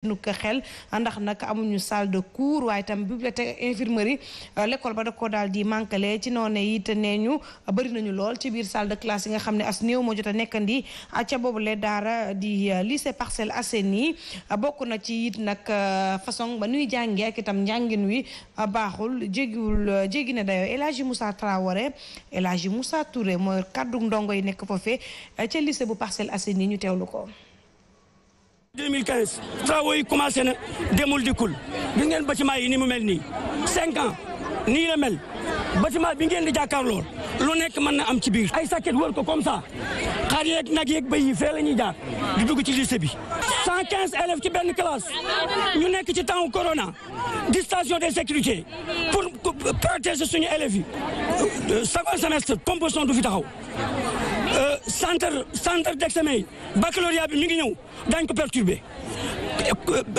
nu ko xel ndax nag amuñu salle de cours waaye itam bibliothèque infirmerie euh, l'école ba de ko daal di manquele ci noone it nee ñu bëri nañu lool ci biir salle de classe yi nga xam ne as néew moo jot a nekkandi ah, ca boobule daara di euh, lycée Parcelles nii ah, bokk na ci it nag euh, façon ba nuy jàngee ak itam njàngin wi ah, baaxul jégiwul jéggi na dayoo El Hadji Moussa Traoré El Hadji Moussa Touré mooy kaddu ndongo yi nekk foofee ca lycée bu parcelle Parcelles Assainies ñu teewlu ko. 2015 travaux yi commencé na demul dikkul gis ngeen bâtiment yi ni mu mel nii cinq ans nii la mel bâtiment bi ngeen di jàkkaarlool lu nekk mën na am ci biir. ay sàkket wër ko comme ça xar yeeg nag yeeg béy yi fee la ñuy jaar di dugg ci lycée bi. 115 élèves ci benn classe ñu nekk ci temps corona distanciation de sécurité pour protéger suñu élèves yi. second euh, semestre composition du fi taxaw. centre centre d'examen yi baccalauréat bi mi ngi ñëw daañ ko perturbé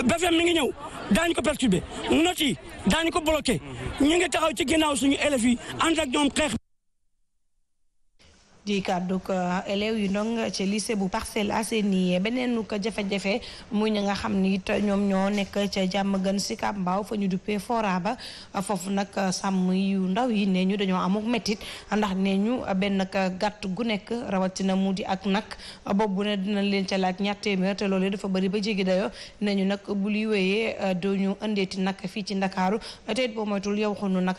BFEM mi ngi ñëw daañ ko perturbé notes yi ko bloqué mhm. ñu ngi taxaw ci ginnaaw suñu élèves yi ànd ak ñoom xeex di kàddu ko élèves yi ndong ci lycée bu Parcelles Assainies beneen ko jafe-jafe muy ñi nga xam ni it ñoom ñoo nekk ca jàmm gën si Kambaaw fa ñu duppee fora ba foofu nag sàmm yu ndaw yi nee ñu dañoo amuk mettit ndax nee ñu benn gàtt gu nekk rawatina mu di ak nag boobu ne dinañ leen ca laaj ñaar téeméer te loolu dafa bëri ba jéggi dayo nee ñu nag bu yi wéyee doo ñu indeeti nag fii ci Ndakaaru te it boo moytul yow xunu nag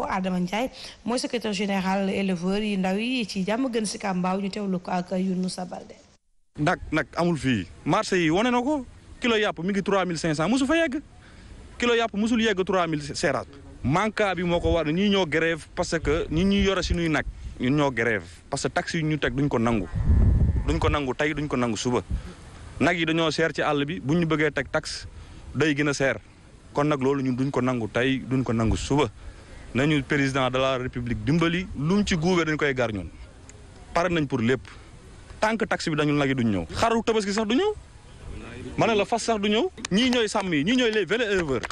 Wo Adama Ndiaye mooy secrétaire général éleveur yi ndaw yi ci jàmm gën si kàmbaaw ñu teewlu ko ak Younousa Baldé nag nag amul fii marché yi wane na ko kilo yàpp mi ngi mille cinq cent mosu fa yegg kilo yàpp mosul yegg 3000 seeraat manque bi moo ko war ñii ñoo grève parce que ñi ñu yore si nuy nag ñun ñoo grève parce que tax yu ñu teg duñ ko nangu duñ ko nangu tey duñ ko nangu suba nag yi dañoo seer ci àll bi bu ñu bëggee teg tax day gën a seer kon nag loolu ñun duñ ko nangu tey duñ ko nangu suba nañu président de la république dimbali lu mu ci guubee dañ koy gar ñun pare nañ pour lépp tant que taxe bi dañu nag yi duñ ñëw xaru tabaski sax du ñëw ma ne la fas sax du ñëw ñii ñooy sàmm yi ñii ñooy les vrais éleveurs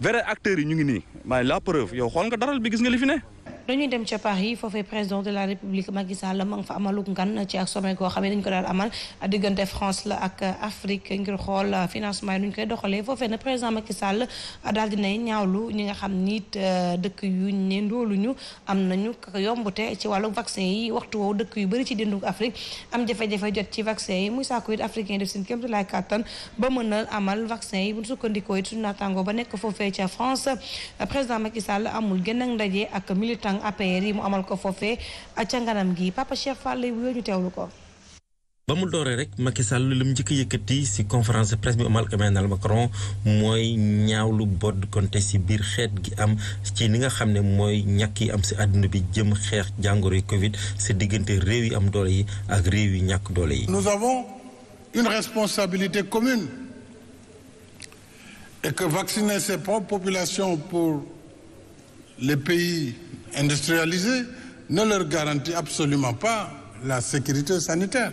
vrais acteur yi ñu ngi nii maay la preuve yow xool nga daral bi gis nga li fi ne dañuy dem ca Paris foofee président de la République Macky Sall ma fa amaluk ngan ci ak sommet goo xam ne dañu ko daal amal diggante France la ak Afrique ngir xool financement yi nu ñu koy doxalee foofee na président Macky Sall daal dinay ñaawlu ñi nga xam nit euh, dëkk yu ne ndóoluñu am nañu yombute ci wàllu vaccin yi waxtu woowu dëkk yu bëri ci dindug Afrique am jafe-jafe jot ci vaccin yi muy saako it africain yi def seen kémtu laay kàttan ba mën a amal vaccin yi bu sukkandikoo ba nekk foofee ca France président tàng mu amal ko foofee ca nganam gi Papa Cheikh Fall lay wuyoo ñu ko. ba mu dooree rek Macky Sall li mu njëkk a yëkkati si conférence de presse bi amal Emmanuel Macron mooy ñaawlu si biir xeet gi am ci li nga xam ne mooy ñakk yi am si àdduna bi jëm xeex jàngoro yi Covid si diggante réew yi am doole yi ak réew yi ñàkk doole yi. nous avons une responsabilité commune et que vacciner ses propres populations pour les pays. industrialisés ne leur garantit absolument pas la sécurité sanitaire.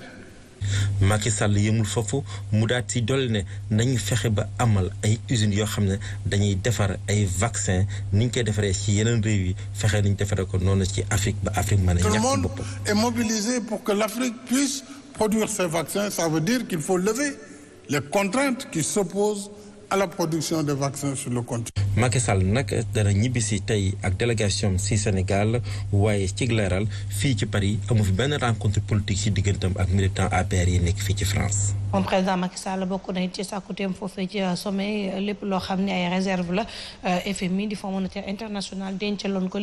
Macky Sall yëmul foofu mu daal ci dolli ne nañu fexe ba amal ay usines yoo xam ne dañuy defar ay vaccin ni ñu koy defaree ci yeneen réew yi fexe nañu defaree ko noonu ci Afrique ba Afrique mën a. ñàkk boppam tout le monde est mobilisé pour que l'Afrique puisse produire ces vaccins ça veut dire qu'il faut lever les contraintes qui s'opposent à la production des vaccins sur le continent. Macky Sall nag dana ñibbisi tey ak délégation si Sénégal waaye ci leeral fii ci Paris amu fi benn rencontre politique ci diggantam ak militant APR yi nekk fii ci France. moom président bokk na euh, di li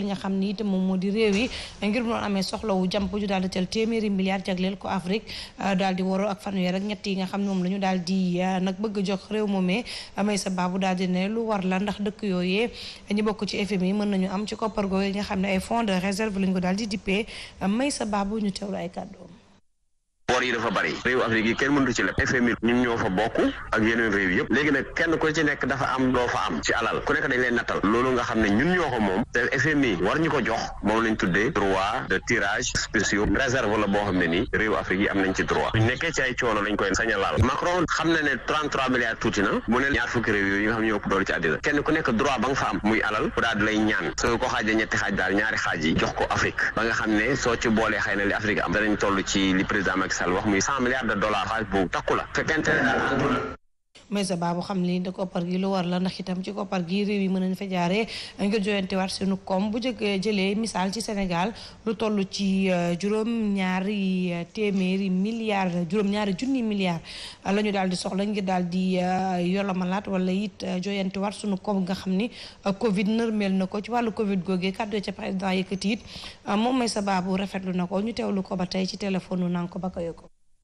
nga xam ni itam moom moo di réew yi ngir mu doon amee soxlawu jàmp ju daal di jël milliards jagleel ko Afrique euh, daal di waroo ak fanweer ak ñett yi nga xam ne moom la ñu daal di euh, nag bëgg jox réew moomee amee sa baabu daal di ne lu war la ndax dëkk yooyee ñi bokk ci FMI mën nañu am ci koppar googu yi nga xam ne ay fonds de réserve lañ ko daal di dippee may sa baabu ñu teewlu ay kàddu bor yi dafa bari réew Afrique yi kenn mëndu ci leb FMI ñun ñoo fa bokk ak yeneen réew yëpp léegi nag kenn ku ci nekk dafa am loo fa am ci alal ku nekk dañ leen nattal loolu nga xam ne ñun de tirage spéciaux réserve la boo xam ne nii réew Afrique yi am nañ ci droit buñ nekkee ci ay coono lañ koy sañ a laal Macron xam na ne 33 milliards tuuti na mu ne ñaar fukki réew yooyu nga xam ñoo ko dool ci àddina kenn ku nekk droit ba nga fa am muy alal bu daal lay ñaan soo ko Sall wax muy cent milliards de dollars xaalis boobu takku la fekkente ne daal Maysa Ba bu xam li da koppar gi lu war la ndax itam ci koppar gi réew yi mën nañ fa jaaree ngir joyantewaat seenu koom bu jëkk jëlee misaal ci Sénégal lu toll ci euh, juróom-ñaari euh, téeméeri milliards juróom-ñaari junni milliards la ñu daal di soxla ngir daal di euh, yolamalaat wala it joyantewaat sunu koom nga xam ni Covid nërmeel na ko ci wàllu Covid googee kàddu ca président yëkkati it moom Maysa Ba bu rafetlu na ko ñu teewlu ko ba tey ci téléphone nu naan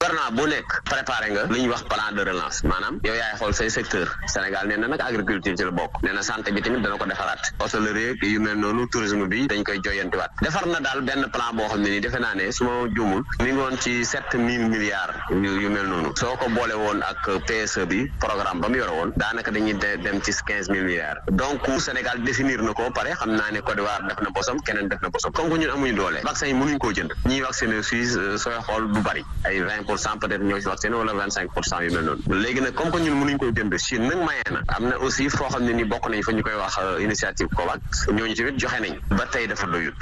gouvernement bu nekk préparé nga li ñuy wax plan de relance maanaam yow yaay xool say secteur Sénégal nee na agriculture ci la bokk nee santé bi tamit dana ko defaraat hôtellerie yu mel noonu tourisme bi dañ koy joyantiwaat defar na daal benn plan boo xam ne nii defe naa ne su ma juumul mi ngi woon ci sept mille milliards yu mel noonu soo ko boole woon ak PSE bi programme ba mu yore woon daanaka dañuy dem ci quinze mille milliards donc Sénégal définir na ko pare xam naa ne Côte d'Ivoire def na bosam keneen def na bosam comme que ñun pour cent peut être ñëw si vaccin wala vingt cinq pour cent léegi nag comme que ñun mënuñ koy jënd Chine nag mayee na am na aussi foo xam ne ni bokk nañ fa ñu koy wax euh, initiative COVAX ñooñu tamit joxe nañ ba tey dafa doyut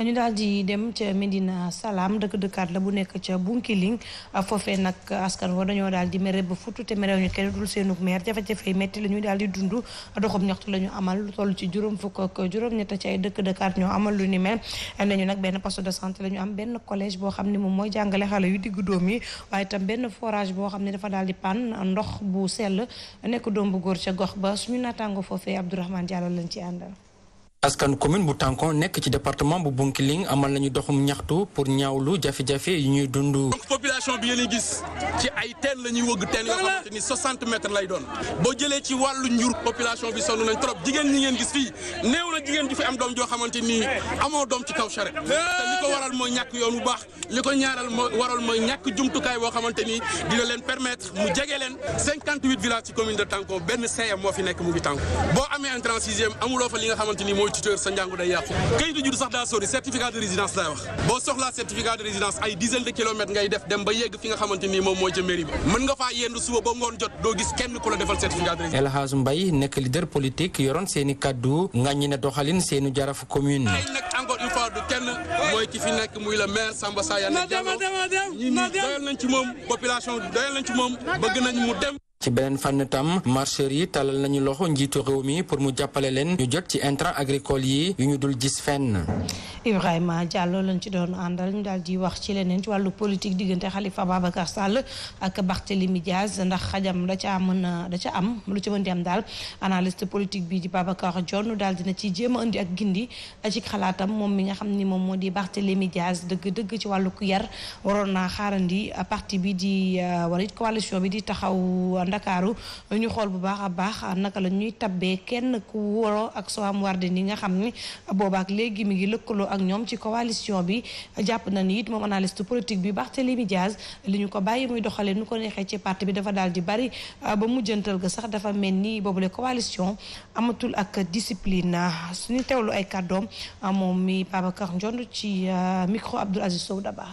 ñu daal di dem ca Medina Salaam dëkk dëkkaat la bu nekk ca Bunkiling foofee nag askan wa dañoo daal di mere ba futu te merew ñu kenn dul seenug meer jafe-jafe yi metti la ñuy daal di dund doxub ñaxtu la ñu amal lu toll ci juróom fukk juróom-ñett ci ay dëkk dëkkaat ñoo amal lu ni mel nañu nag benn poste de santé la ñu am benn collège boo xam ne moom mooy jàngale xale yu diggu doom yi waaye tam benn forage boo xam ne dafa daal di panne ndox bu sell nekk doom bu góor ca gox ba suñu naataango foofee Abdourahmane Diallo lañ ci àndal askan commune bu Tànkon nekk ci département bu Bunkiling amal nañu doxum ñaxtu pour ñaawlu jafe-jafe yi ñuy population bi yéen gis ci ay teen la ñuy wëgg teen yoo xamante ni lay doon boo jëlee ci wàllu njur population bi sonn nañ trop jigéen ñi ngeen gis fii néew na jigéen ju fi am doom joo xamante ni amoo doom ci kaw charette. te li ko waral mooy ñàkk yoon bu baax li ko ñaaral mooy waral mooy ñàkk jumtukaay boo xamante ni dina leen permettre mu jege leen 58 villages ci commune de Tànkon benn CM moo fi nekk mu ngi Tànkon boo amee un 36e amuloo fa ni mooy tuteur sa njàngu day yàqu kayitu juddu sax daa sori certificat de résidence laay wax boo soxlaa certificat de résidence ay dizaine de kilomètres ngay def dem ba yegg fi nga xamante nii moom mooy ca mairie ba mën nga faa yendu suba ba ngoon jot doo gis kenn ku la defal certificat de résidence El Hadj Mbaye nekk leader politique yoroon seeni kaddu ngaññi ne doxalin seenu jaraf commune encore une fois du kenn mooy ki fi nekk muy le maire Samba Sayane Diallo ci beneen fànn tam marcheurs yi talal nañu loxo njiitu réew mi pour mu jàppale leen ñu jot ci intrants agricoles yi yu ñu dul gis fenn. Ibrahima Diallo lañ ci doon àndal ñu daal di wax ci leneen ci wàllu politique diggante Khalifa Babacar Sall ak Barthélémy Diaz ndax xajam da ca mën a da ca am lu ci mën di am daal analyste politique bi di Babacar Dione daal dina ci jéem indi ak gindi ci xalaatam moom mi nga xam ni moom moo di Barthélémy Diaz dëgg-dëgg ci wàllu ku yar waroon naa bi di euh, wala coalition bi di taxaw. ndakaaru ñu xool bu baax a baax naka la ñuy tabbee kenn ku wóoroo ak Soham Wardini nga xam ni boobaak léegi mi ngi lëkkaloo ak ñoom ci coalition bi jàpp na ni it moom analyste politique bi Barthélémy Diaz li ñu ko bàyyi muy doxalee nu ko neexee ci parti bi dafa daal di bari ba mujjantal ga sax dafa mel ni boobule coalition amatul ak discipline suñu teewlu ay kàddoom moom mi Babacar Ndiond ci euh, micro Abdoul Aziz Sow Daba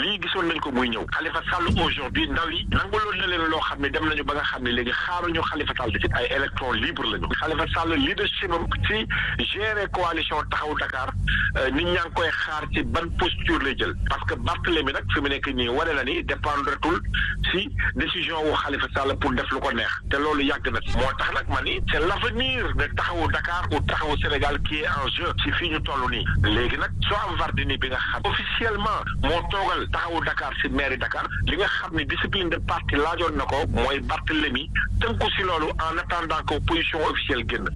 lii gisoon nañ ko muy ñëw Khalifa Sall aujourd'hui ndaw yi nanguloon na leen loo xam ne dem nañu ba nga xam ne léegi xaaruñu Khalifa Sall ci ay électron libre lañu Khalifa Sall leadership am ci gérer coalition taxaw Dakar euh, nit ñaa ngi koy xaar ci ban posture lay jël parce que Barthélemy nag fi mu nekk nii wane na ni dépendretul si décision wu xalifa Sall pour def lu ko neex te loolu yàgg na moo tax nag ma ni la l'avenir de taxawu Dakar u taxawu Sénégal qui en jeu ci fii ñu toll nii léegi nag soo am bi taxawu Dakar si mairie Dakar li nga xam ni discipline de parti laajoon na ko mooy Barthélemy tënku si loolu en attendant que position officielle génn.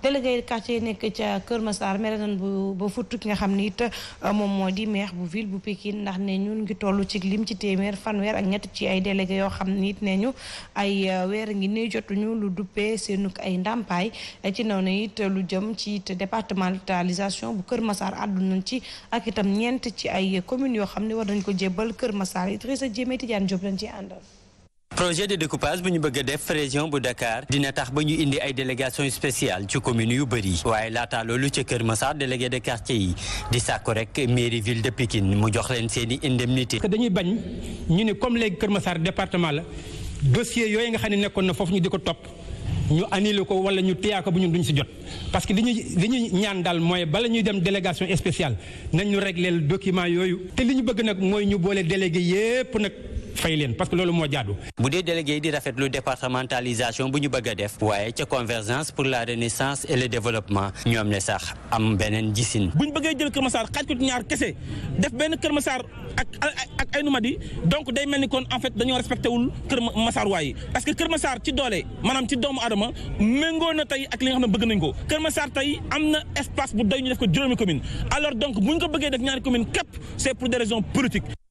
délégué quartier nekk ca Kër masaar mere nan bu ba futt ki nga xam ne it euh, moom moo di maire bu ville bu Pikine ndax ne ñun ngi toll ci lim ci téeméer fanweer ak ñett ci ay délégué yoo xam ni it ne ñu ay euh, weer ngi ni jotuñu lu duppee seenu ay ndàmpaay ci noonu it lu jëm ci it départementalisation bu Kër masaar àddu nañ ci ak itam ñeent ci ay commune yoo xam ne war nañ ko jébbal Kër Massar Idrissa Diémé Tidiane Diop lañ ci àndal projet de découpage bu ñu bëgg a def région bu Dakar dina tax ba ñu indi ay délégation spéciale ci commune yu bëri waaye laataa loolu ca Kër Massar délégué de quartier yi di sàkku rek mairie ville de Pikine mu jox leen seen i indemnité dañuy bañ ñu ne comme léegi Kër Massar département la dossier yooyu nga xam ne nekkoon na foofu ñu di ko topp ñu annulé ko wala ñu téyaa ko bu ñu duñ si jot parce que li ñu li ñu ñaan daal mooy bala ñuy dem délégation spéciale nañ ñu régleel document yooyu te li ñu bëgg nag mooy ñu boole délégué yépp fay leen parce que loolu moo jaadu. bu dee délégué yi di rafetlu départementalisation bu ñu bëgg a def waaye ca convergence pour la renaissance et le développement ñoom ne sax am beneen gisin. bu ñu bëggee jël Kër Masar xaaj ko ñaar kese def benn Kër Masar ak ak ay Numadi donc day mel ni kon en fait dañoo respecté wul Kër Masar waaye parce que Kër Masar ci doole maanaam ci doomu adama méngoo na tey ak li nga xam ne bëgg nañ ko Kër Masar tey am na espace bu doy ñu bu ñu ko bëggee def ñaari commune képp c'est pour des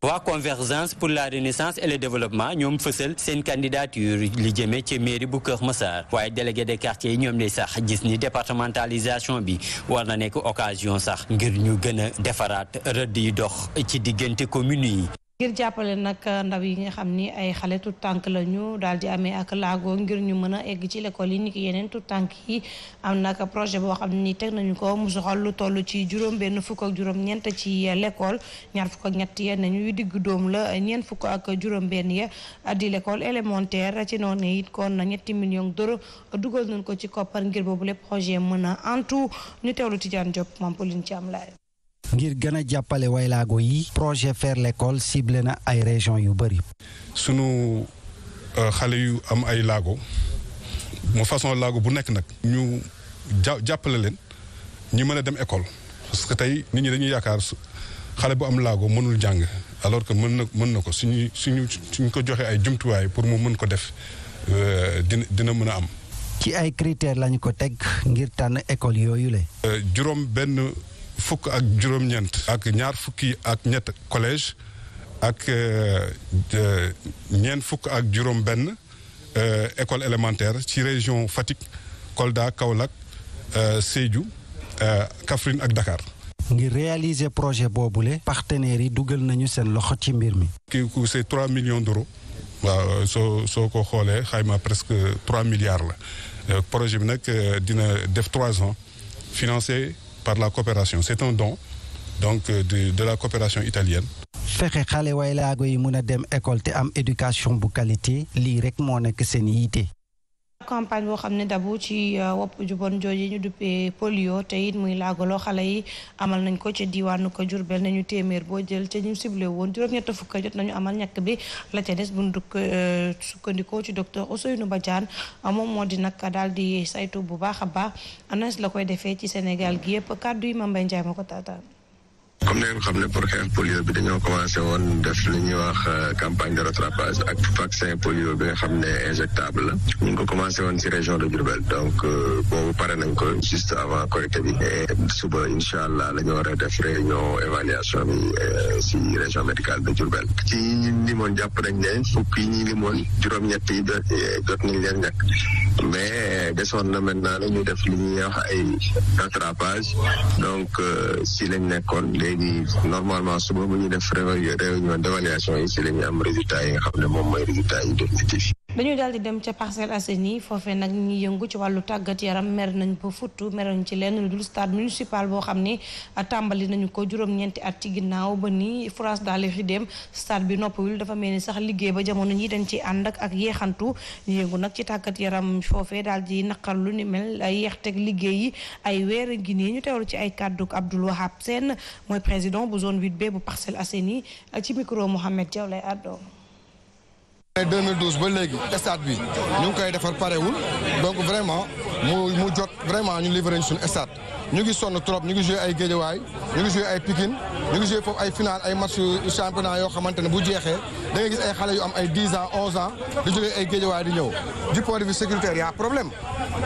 waa convergence pour la renaissance et le développement ñoom fësal seen candidature li jëmee ci mairie bu Kër Massar waaye délégué des quartiers yi ñoom lay sax gis ni départementalisation bi war na nekk occasion sax ngir ñu gën a defaraat rëdd yi dox ci diggante communes yi ngir jàppale nag ndaw yi nga xam ni ay xale tut tànk la ñu daal di amee ak laago ngir ñu mën a egg ci l'école yi ni ki yeneen tut tànk yi am nag projet boo xam ni teg nañu ko mu soxal lu toll ci juróom benn fukk ak juróom ñeent ci l'école ñaar fukk ak ñett ya nañuy digg doom la ñeent fukk ak juróom benn ya di l'école élémentaire ci noonu it kon na ñetti million d'euros dugal nañ ko ci koppar ngir boobu le projet mën a antu ñu teewlu Tidiane Diop moom Pauline Thiam laay ngir gën a jàppale laago yi projet faire l'école ciblé na ay région yu bëri sunu euh, xale yu am ay laago mu façon laago bu nekk nag ñu jàppale leen ñu mën a dem école parce que tey nit ñi dañuy yaakaar xale bu am laago mënul jàng alors que mën na mën na ko suñu suñu suñ ko joxe ay jumtuwaay pour mu mën ko def euh, dina dina mën a am ci ay critères lañu ko teg ngir tànn école yooyu le euh, juróom benn fukk ak juróom-ñeent ak ñaar fukki ak ñett collège ak euh, ñeent fukk ak juróom-benn euh, école élémentaire ci région Fatick Kolda Kaolack euh, Sédhiou Kaffrine ak Dakar. ngir réaliser projet boobule. partenaires yi dugal nañu seen loxo ci mbir mi. kii ku c'est trois millions d'euros waaw soo soo ko xoolee xayma presque trois milliards la projet bi nag dina def trois ans financé. par la coopération c'est un don donc euh, de de la coopération italienne. fexe xale way laago yi mun a dem école te am éducation bu qualité lii rek moo nekk seen yiite. campagne boo xam ne dabu ci euh, wopp ju bon ñu duppee polio te it muy laagaloo xale yi amal nañ ko ci diwaanu ko Jurbel ñu téeméer boo jël ca ñu ciblé woon juróom-ñett fukk jot nañu amal ñàkk bi la ca des bu ñu euh, sukkandikoo ci docteur Ousseynou Badiane euh, moom moo di nag daal di saytu bu baax a baax anas la koy defee ci Sénégal gi yëpp kàddu yi Mame Mbaye Ndiaye ma ko taataan am na xam ne pour xeex polio bi dañoo commencé woon def li ñuy wax euh, campagne de rattrapage ak vaccin polio bi nga xam ne injectable la ñu ko commencé woon si région de Diourbel donc euh, boobu pare nañ ko juste avant Korité bi suba incha allah la ñu war a def réunion évaluation bi si euh, région médicale de Diourbel ci ñi jàpp nañ ne fukk yi ñi juróom-ñett yi de jot nañ leen ñàkk mais desoon na maintenant la ñu def li ñuy ay rattrapage donc si lañ nekkoon léegi léegi normalement suba bu ñuy def réunion réunion d'évaluation yi si la ñu am résultat yi nga xam ne moom mooy résultat yi définitif dañuy daal di dem ca parcelle Parcelles Assainies foofee nag ñi yëngu ci wàllu tàggat yaram mer nañ ba futtu mer nañ ci lenn lu dul stade municipal boo xam ne tàmbali nañu ko juróom-ñeenti at ci ginnaaw ba nii France daal di dem stade bi noppiwul dafa mel ni sax liggéey ba jamono ñi dañ ci ànd ak ak yeexantu ñu yëngu nag ci tàggat yaram foofee daal di naqar lu ni mel yeex teg liggéeyi ay weer ngi nii ñu teewlu ci ay kàdduk Abdoul Wahab Sène mooy président bu zone 8B bu Parcelles Assainies ci micro Mohamed Diaw lay àddoo 2012 ba léegi stade bi ñu ngi koy defar parewul donc vraiment mu mu jot vraiment ñu livré sun stade ñu ngi sonn trop ñu ngi joué ay Guédiawaye ñu ngi joué ay Pikine ñu ngi foofu ay final ay match championnat yoo xamante ne bu jeexee da ngay gis ay xale yu am ay 10 ans 11 ans di jógee ay Guédiawaye di ñëw du point de vue sécuritaire y a problème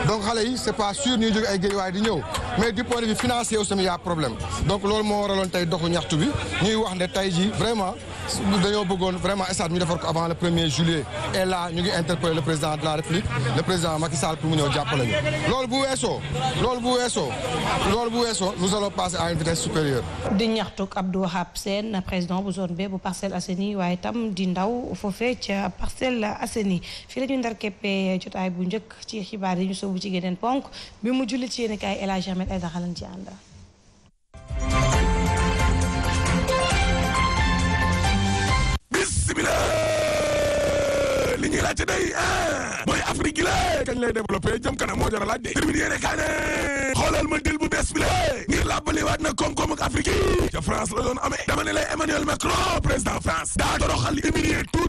donc xale yi c'est pas sûr ñuy jóge ay Guédiawaye di ñëw mais du point de vue financier aussi y a problème donc loolu moo waraloon bi ñu dañoo bëggoon vraiment stade ñu defar ko avant le premier juillet et là ñu ngi interpellé le président de la république le président Macky pour mu ñëw jàppale ñu loolu bu weesoo loolu bu weesoo loolu bu weesoo nous passer à une supérieure di ñaxtuk Abdou Wahab Sène président bu zone B bu Parcelles Assainies waaye tam di ndaw foofee ca Parcelles Assainies fii la ñu ndar keppee jotaay bu njëkk ci xibaar yi ñu soobu ci geneen ponk bi mu julli ci yéen i kaay El Hadji ci ànda bismillah li la laajte day ah, mooy Afrique gi la kañ lay développé jëm kanam moo jar a laaj de termine yéene kaa ne xoolal ma dil bu la ngir làbbali waat na koom-koom ak Afrique yi ca France la doon amee dama ne lay Emmanuel Macron président France daa toroxal humilier tout